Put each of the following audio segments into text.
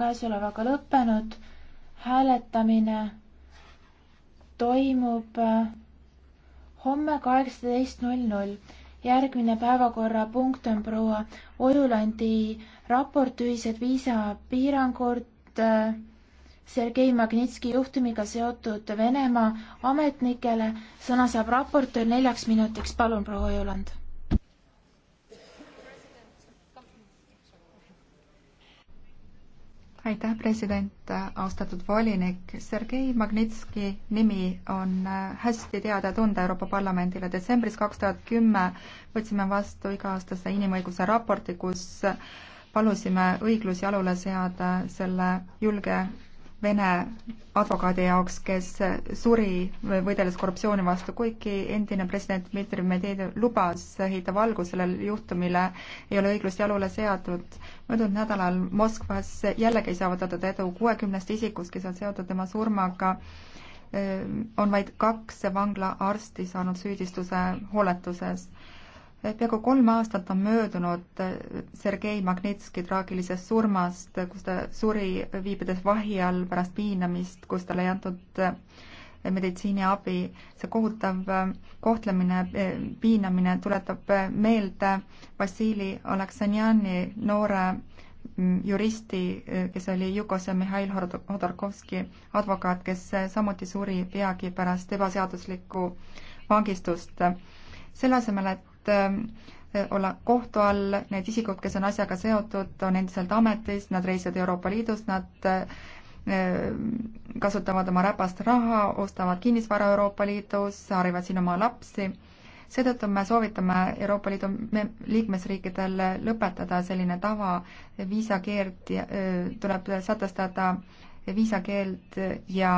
käesolevaga lõppenud. hääletamine toimub äh, homme kaheksateist null null. järgmine päevakorrapunkt on proua Ojulandi raport ühised viisapiirangud äh, Sergei Magnitski juhtumiga seotud Venemaa ametnikele. sõna saab raportöör neljaks minutiks, palun, proua Ojuland aitäh, president, austatud volinik. Sergei Magnitski nimi on äh, hästi teada ja tunda Euroopa Parlamendile. detsembris kaks tuhat kümme võtsime vastu iga-aastase inimõiguse raporti, kus äh, palusime õiglus jalule seada selle julge Vene advokaadi jaoks, kes suri või võideles korruptsiooni vastu, kuigi endine president Dmitri Medvedev lubas heita valgu sellele juhtumile, ei ole õiglust jalule seatud. möödunud nädalal Moskvas jällegi ei saavutatud edu, kuuekümnest isikust, kes on seotud tema surmaga, on vaid kaks vanglaarsti saanud süüdistuse hooletuses Eh, peaaegu kolm aastat on möödunud eh, Sergei Magnitski traagilisest surmast, kus ta suri viibides vahi all pärast piinamist, kus talle ei antud eh, meditsiiniabi. see kohutav kohtlemine, piinamine tuletab meelde Vassili Aleksanjani, noore mm, juristi, kes oli Jukos ja Mihhail Hodorkovski advokaat, kes samuti suri peagi pärast ebaseaduslikku vangistust. selle asemel, et et eh, olla kohtu all, need isikud, kes on asjaga seotud, on endiselt ametis, nad reisivad Euroopa Liidus, nad eh, kasutavad oma räpast raha, ostavad kinnisvara Euroopa Liidus, harivad siin oma lapsi. seetõttu me soovitame Euroopa Liidu liikmesriikidel lõpetada selline tava, viisakeeld eh, tuleb sätestada viisakeeld ja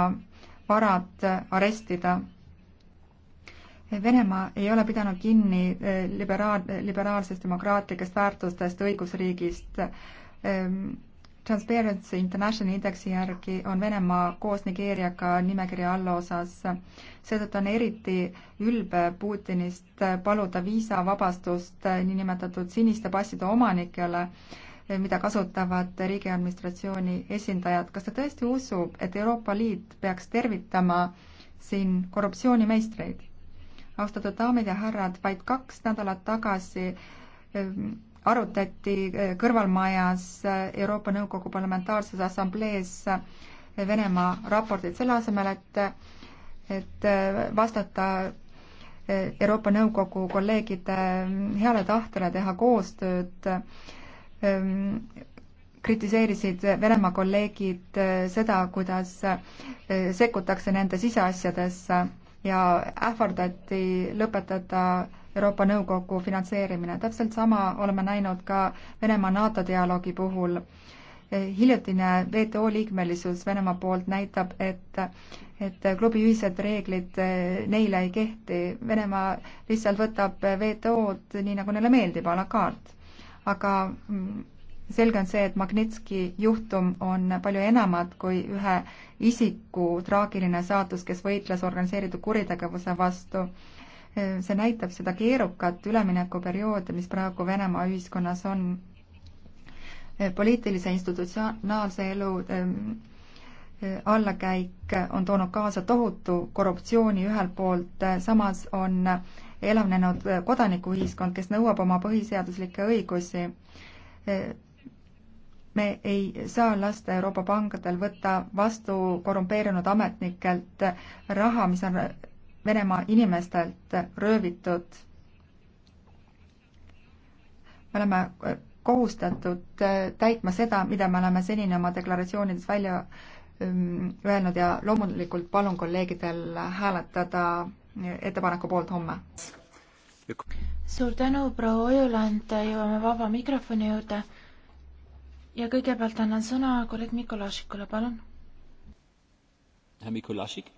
varad arestida Venemaa ei ole pidanud kinni eh, liberaal, liberaalsest demokraatlikest väärtustest, õigusriigist. Ehm, Transparency International indeksi järgi on Venemaa koos Nigeeriaga nimekirja allosas. seetõttu on eriti ülbe Putinist paluda viisavabastust niinimetatud siniste passide omanikele, eh, mida kasutavad riigiadministratsiooni esindajad. kas ta tõesti usub, et Euroopa Liit peaks tervitama siin korruptsioonimeistreid? austatud daamid ja härrad, vaid kaks nädalat tagasi ehm, arutati eh, kõrvalmajas eh, Euroopa Nõukogu Parlamentaarses Assamblees eh, Venemaa raportit, selle asemel, et, et vastata Euroopa Nõukogu kolleegide ehm, heale tahtele teha koostööd, ehm, kritiseerisid Venemaa kolleegid seda, kuidas sekkutakse nende siseasjadesse ja ähvardati lõpetada Euroopa Nõukogu finantseerimine. täpselt sama oleme näinud ka Venemaa NATO dialoogi puhul. hiljutine WTO liikmelisus Venemaa poolt näitab, et et klubi ühised reeglid eh, neile ei kehti. Venemaa lihtsalt võtab WTO-d nii, nagu neile meeldib, a la carte. aga mm, selge on see, et Magnitski juhtum on palju enamat kui ühe isiku traagiline saatus, kes võitles organiseeritud kuritegevuse vastu. see näitab seda keerukat üleminekuperioodi, mis praegu Venemaa ühiskonnas on. poliitilise institutsionaalse elu ähm, allakäik on toonud kaasa tohutu korruptsiooni ühelt poolt, samas on elavnenud kodanikuühiskond, kes nõuab oma põhiseaduslikke õigusi me ei saa lasta Euroopa pankadel võtta vastu korrumpeerunud ametnikelt raha, mis on Venemaa inimestelt röövitud. me oleme kohustatud täitma seda, mida me oleme senini oma deklaratsioonides välja öelnud ja loomulikult palun kolleegidel hääletada ettepaneku poolt homme. suur tänu, proua Ojuland, jõuame vaba mikrofoni juurde ja kõigepealt annan sõna kolleeg Mikolašikule, palun. härra Mikolašik.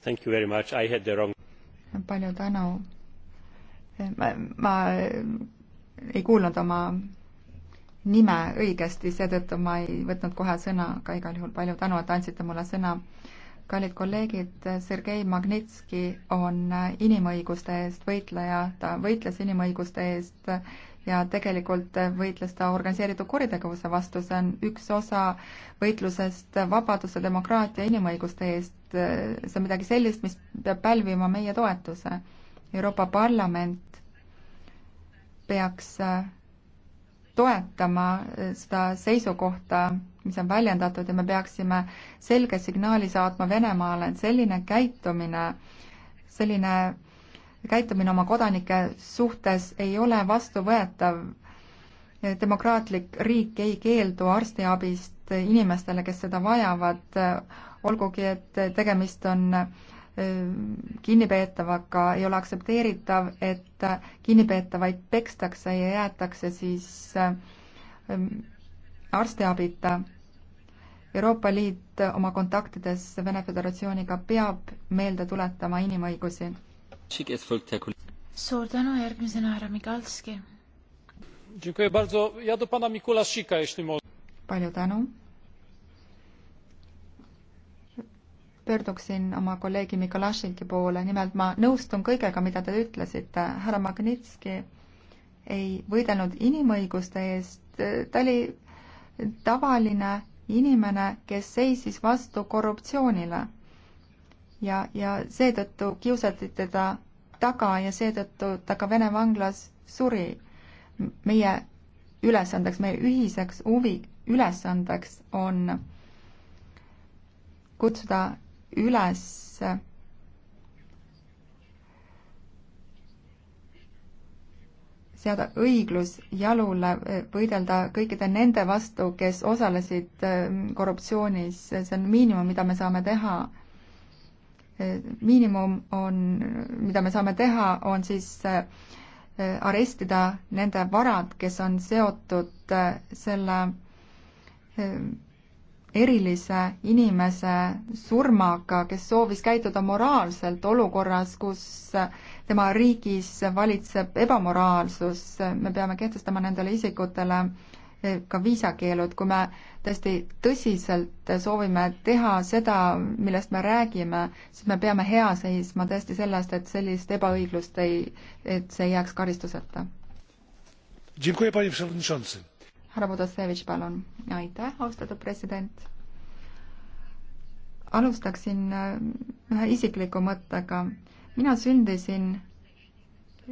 Thank you very much, I had the wrong. palju tänu. ma, ma ei kuulnud oma nime õigesti, seetõttu ma ei võtnud kohe sõna, aga igal juhul palju tänu, et andsite mulle sõna kallid kolleegid, Sergei Magnitski on inimõiguste eest võitleja, ta võitles inimõiguste eest ja tegelikult võitles ta organiseeritud kuritegevuse vastu, see on üks osa võitlusest vabaduse, demokraatia, inimõiguste eest. see on midagi sellist, mis peab pälvima meie toetuse. Euroopa Parlament peaks toetama seda seisukohta mis on väljendatud ja me peaksime selge signaali saatma Venemaale, et selline käitumine, selline käitumine oma kodanike suhtes ei ole vastuvõetav. demokraatlik riik ei keeldu arstiabist inimestele, kes seda vajavad, olgugi et tegemist on kinnipeetavaga ei ole aktsepteeritav, et kinnipeetavaid pekstakse ja jäetakse siis arstiabita. Euroopa Liit oma kontaktides Vene Föderatsiooniga peab meelde tuletama inimõigusi. suur tänu, järgmisena härra Migalski. palju tänu. pöörduksin oma kolleegi Mikolašiki poole, nimelt ma nõustun kõigega, mida te ütlesite, härra Magnitski ei võidelnud inimõiguste eest, ta oli tavaline inimene, kes seisis vastu korruptsioonile. ja, ja seetõttu kiusati teda taga ja seetõttu ta ka Vene vanglas suri. meie ülesandeks, meie ühiseks huvi, ülesandeks on kutsuda üles seada õiglus jalule, eh, võidelda kõikide nende vastu, kes osalesid eh, korruptsioonis, see on miinimum, mida me saame teha. Eh, miinimum on, mida me saame teha, on siis arestida nende varad, kes on seotud selle erilise inimese surmaga, kes soovis käituda moraalselt olukorras, kus tema riigis valitseb ebamoraalsus, me peame kehtestama nendele isikutele eh, ka viisakeelud, kui me tõesti tõsiselt soovime teha seda, millest me räägime, siis me peame hea seisma tõesti selle eest, et sellist ebaõiglust ei, et see ei jääks karistuseta. härra Budasevitš, palun. aitäh, austatud president. alustaksin ühe isikliku mõttega. mina sündisin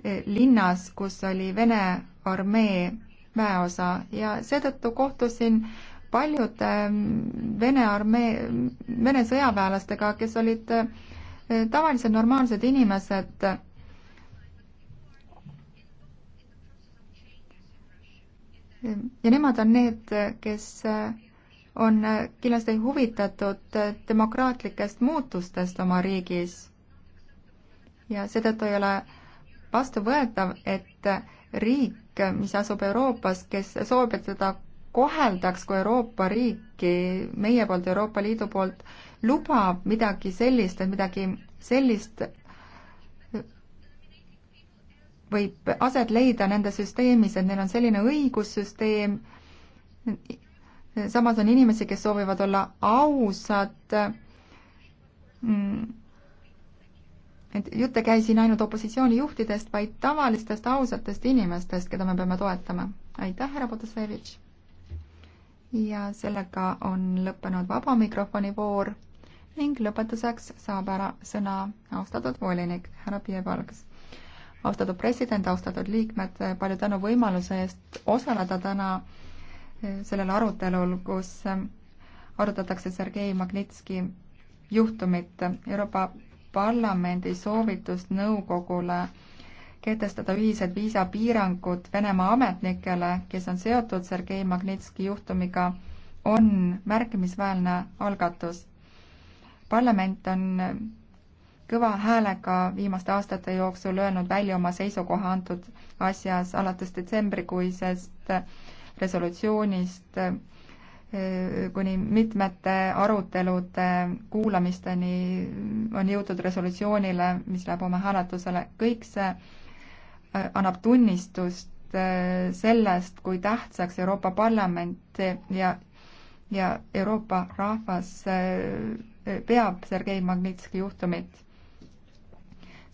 eh, linnas, kus oli Vene armee väeosa ja seetõttu kohtusin paljude mm, Vene armee, mm, Vene sõjaväelastega, kes olid eh, tavalised normaalsed inimesed ja nemad on need, kes eh, on äh, kindlasti huvitatud äh, demokraatlikest muutustest oma riigis. ja seetõttu ei ole vastuvõetav, et äh, riik, mis asub Euroopas, kes soovib, et teda koheldaks kui Euroopa riiki, meie poolt, Euroopa Liidu poolt, lubab midagi sellist, et midagi sellist võib aset leida nende süsteemis, et neil on selline õigussüsteem, samas on inimesi, kes soovivad olla ausad. Mm. et jutt ei käi siin ainult opositsioonijuhtidest, vaid tavalistest ausatest inimestest, keda me peame toetama. aitäh, härra Potasevitš! ja sellega on lõppenud vaba mikrofoni voor ning lõpetuseks saab ära sõna austatud volinik härra Pievalgs austatud president, austatud liikmed, palju tänu võimaluse eest osaleda täna sellel arutelul, kus ähm, arutatakse Sergei Magnitski juhtumit. Euroopa Parlamendi soovitust nõukogule kehtestada ühised viisapiirangud Venemaa ametnikele, kes on seotud Sergei Magnitski juhtumiga, on märkimisväärne algatus. parlament on ähm, kõva häälega viimaste aastate jooksul öelnud välja oma seisukoha antud asjas alates detsembrikuisest resolutsioonist eh, kuni mitmete arutelude kuulamisteni on jõutud resolutsioonile, mis läheb homme hääletusele, kõik see eh, annab tunnistust eh, sellest, kui tähtsaks Euroopa Parlament ja, ja Euroopa rahvas peab Sergei Magnitski juhtumit.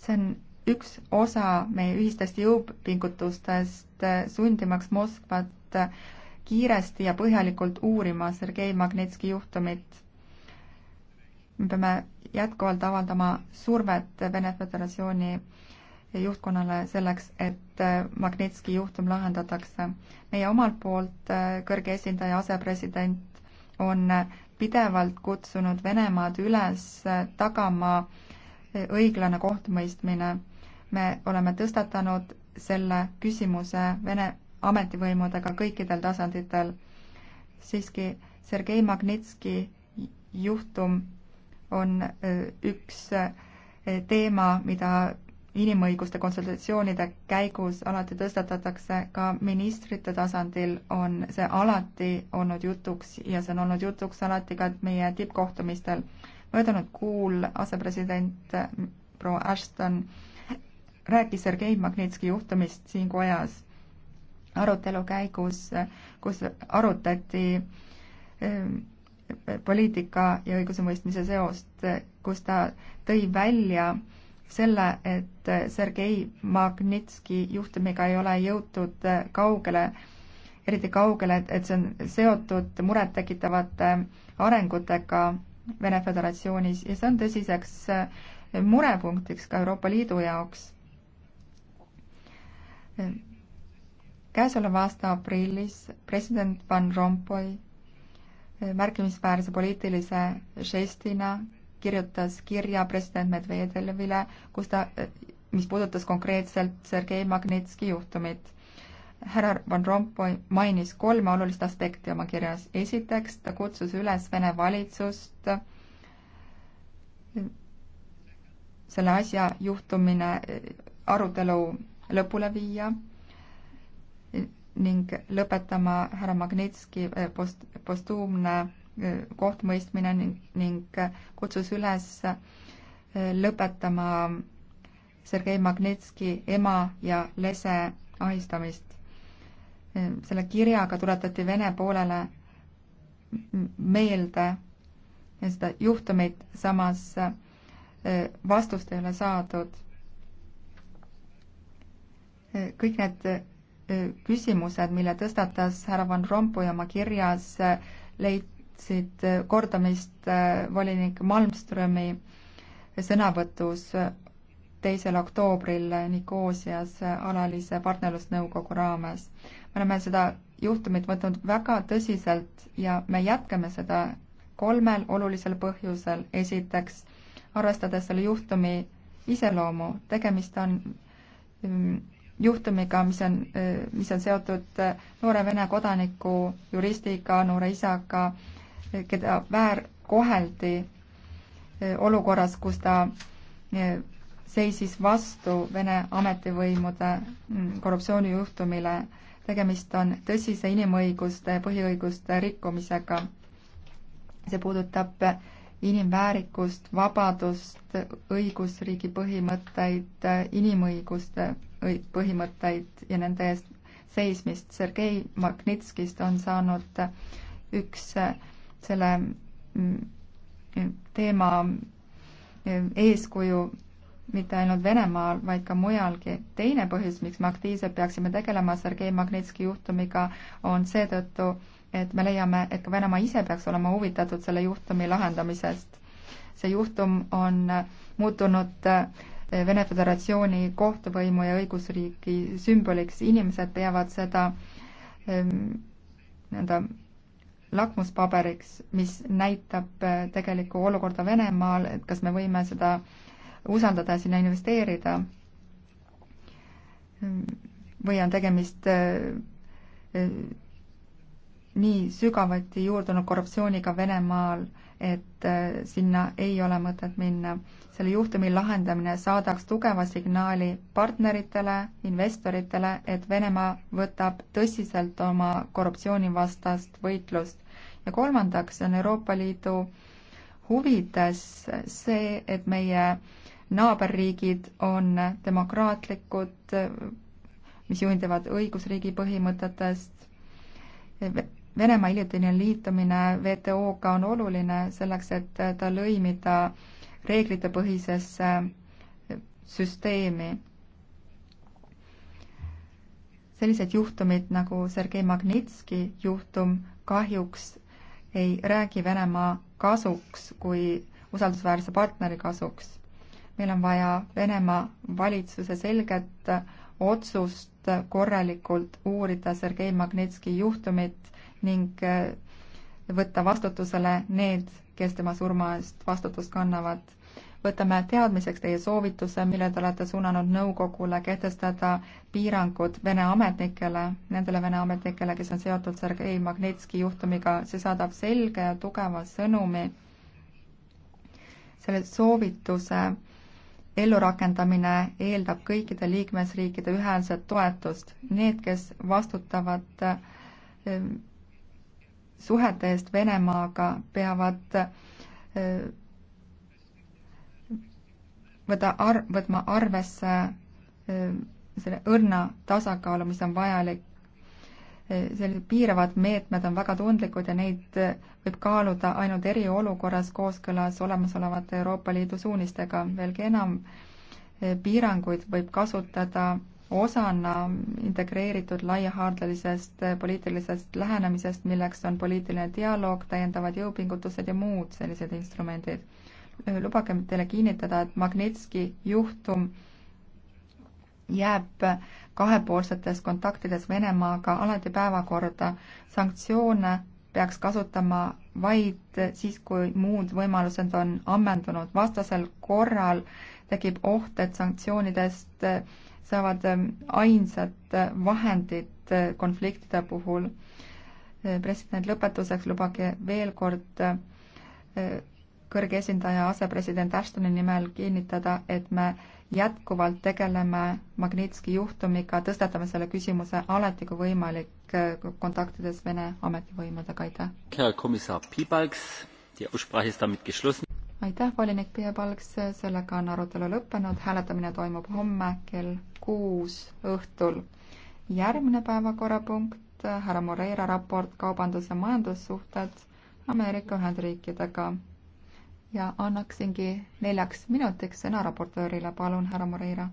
see on üks osa meie ühistest jõupingutustest eh, sundimaks Moskvat eh, kiiresti ja põhjalikult uurima Sergei Magnitski juhtumit. me peame jätkuvalt avaldama survet Vene Föderatsiooni juhtkonnale selleks, et eh, Magnitski juhtum lahendatakse. meie omalt poolt kõrge esindaja asepresident on pidevalt kutsunud Venemaad üles tagama õiglane kohtumõistmine me oleme tõstatanud selle küsimuse Vene ametivõimudega kõikidel tasanditel. siiski Sergei Magnitski juhtum on üks teema, mida inimõiguste konsultatsioonide käigus alati tõstatatakse, ka ministrite tasandil on see alati olnud jutuks ja see on olnud jutuks alati ka meie tippkohtumistel. möödunud kuul asepresident proua Ashton rääkis Sergei Magnitski juhtumist siin kojas arutelu käigus, kus arutati ehm, poliitika ja õigusemõistmise seost, kus ta tõi välja selle, et Sergei Magnitski juhtumiga ei ole jõutud kaugele, eriti kaugele, et, et see on seotud murettekitavate arengutega Vene Föderatsioonis ja see on tõsiseks murepunktiks ka Euroopa Liidu jaoks käesoleva aasta aprillis president Van Rompuy eh, märkimisväärse poliitilise žestina kirjutas kirja president Medvedjevile, kus ta, eh, mis puudutas konkreetselt Sergei Magnitski juhtumit. härra Van Rompuy mainis kolme olulist aspekti oma kirjas. esiteks, ta kutsus üles Vene valitsust eh, selle asja juhtumine arutelu lõpule viia ning lõpetama härra Magnitski eh, post, postuumne eh, kohtumõistmine ning, ning kutsus üles eh, lõpetama Sergei Magnitski ema ja lese ahistamist. selle kirjaga tuletati Vene poolele meelde seda juhtumit, samas vastust ei ole saadud kõik need äh, küsimused, mille tõstatas härra Van Rompuy oma kirjas, äh, leidsid äh, kordamist volinik Malmströmi sõnavõtus teisel oktoobril Nikoosias alalise partnerlusnõukogu raames. me oleme seda juhtumit võtnud väga tõsiselt ja me jätkame seda kolmel olulisel põhjusel. esiteks, arvestades selle juhtumi iseloomu, tegemist on mm, juhtumiga, mis on, mis on seotud äh, noore Vene kodaniku, juristiga, noore isaga, äh, keda väärkoheldi äh, olukorras, kus ta seisis vastu Vene ametivõimude mm, korruptsioonijuhtumile. tegemist on tõsise inimõiguste, põhiõiguste rikkumisega. see puudutab inimväärikust, vabadust, õigusriigi põhimõtteid, inimõiguste põhimõtteid ja nende eest seismist. Sergei Magnitskist on saanud üks äh, selle mm, mm, teema mm, eeskuju mitte ainult Venemaal, vaid ka mujalgi. teine põhjus, miks me aktiivselt peaksime tegelema Sergei Magnitski juhtumiga, on seetõttu, et me leiame, et ka Venemaa ise peaks olema huvitatud selle juhtumi lahendamisest. see juhtum on äh, muutunud äh, Vene Föderatsiooni kohtuvõimu ja õigusriigi sümboliks, inimesed peavad seda ehm, nii-öelda lakmuspaberiks, mis näitab eh, tegelikku olukorda Venemaal, et kas me võime seda usaldada ja sinna investeerida ehm, või on tegemist eh, eh, nii sügavati juurdunud korruptsiooniga Venemaal, et äh, sinna ei ole mõtet minna. selle juhtumi lahendamine saadaks tugeva signaali partneritele, investoritele, et Venemaa võtab tõsiselt oma korruptsioonivastast võitlust. ja kolmandaks on Euroopa Liidu huvides see, et meie naaberriigid on demokraatlikud, mis juhinduvad õigusriigi põhimõtetest, Venemaa hiljutine liitumine WTO-ga on oluline selleks, et ta lõimida reeglitepõhisesse süsteemi. sellised juhtumid nagu Sergei Magnitski juhtum kahjuks ei räägi Venemaa kasuks kui usaldusväärse partneri kasuks. meil on vaja Venemaa valitsuse selget otsust korralikult uurida Sergei Magnitski juhtumit ning äh, võtta vastutusele need, kes tema surma eest vastutust kannavad. võtame teadmiseks teie soovituse, mille te olete suunanud nõukogule kehtestada piirangud Vene ametnikele, nendele Vene ametnikele, kes on seotud Sergei Magnitski juhtumiga, see saadab selge ja tugeva sõnumi selle soovituse ellurakendamine eeldab kõikide liikmesriikide ühehäälset toetust. Need, kes vastutavad ehm, suhete eest Venemaaga, peavad ehm, võta ar-, võtma arvesse ehm, selle õrna tasakaalu, mis on vajalik Eh, sellised piiravad meetmed on väga tundlikud ja neid eh, võib kaaluda ainult eriolukorras kooskõlas olemasolevate Euroopa Liidu suunistega. veelgi enam, eh, piiranguid võib kasutada osana integreeritud laiahaardelisest poliitilisest lähenemisest, milleks on poliitiline dialoog, täiendavad jõupingutused ja muud sellised instrumendid. lubage teile kinnitada, et Magnitski juhtum jääb kahepoolsetes kontaktides Venemaaga alati päevakorda. sanktsioone peaks kasutama vaid siis, kui muud võimalused on ammendunud. vastasel korral tekib oht, et sanktsioonidest saavad ainsad vahendid konfliktide puhul. president, lõpetuseks lubage veel kord eh, kõrge esindaja asepresident Ashtoni nimel kinnitada, et me jätkuvalt tegeleme Magnitski juhtumiga, tõstatame selle küsimuse alati, kui võimalik, kontaktides Vene ametivõimudega, aitäh! aitäh, volinik Piepalks, sellega on arutelu lõppenud, hääletamine toimub homme kell kuus õhtul. järgmine päevakorrapunkt, härra Moreira raport Kaubandus- ja majandussuhted Ameerika Ühendriikidega ja annaksingi neljaks minutiks sõna raportöörile, palun, härra Moreira.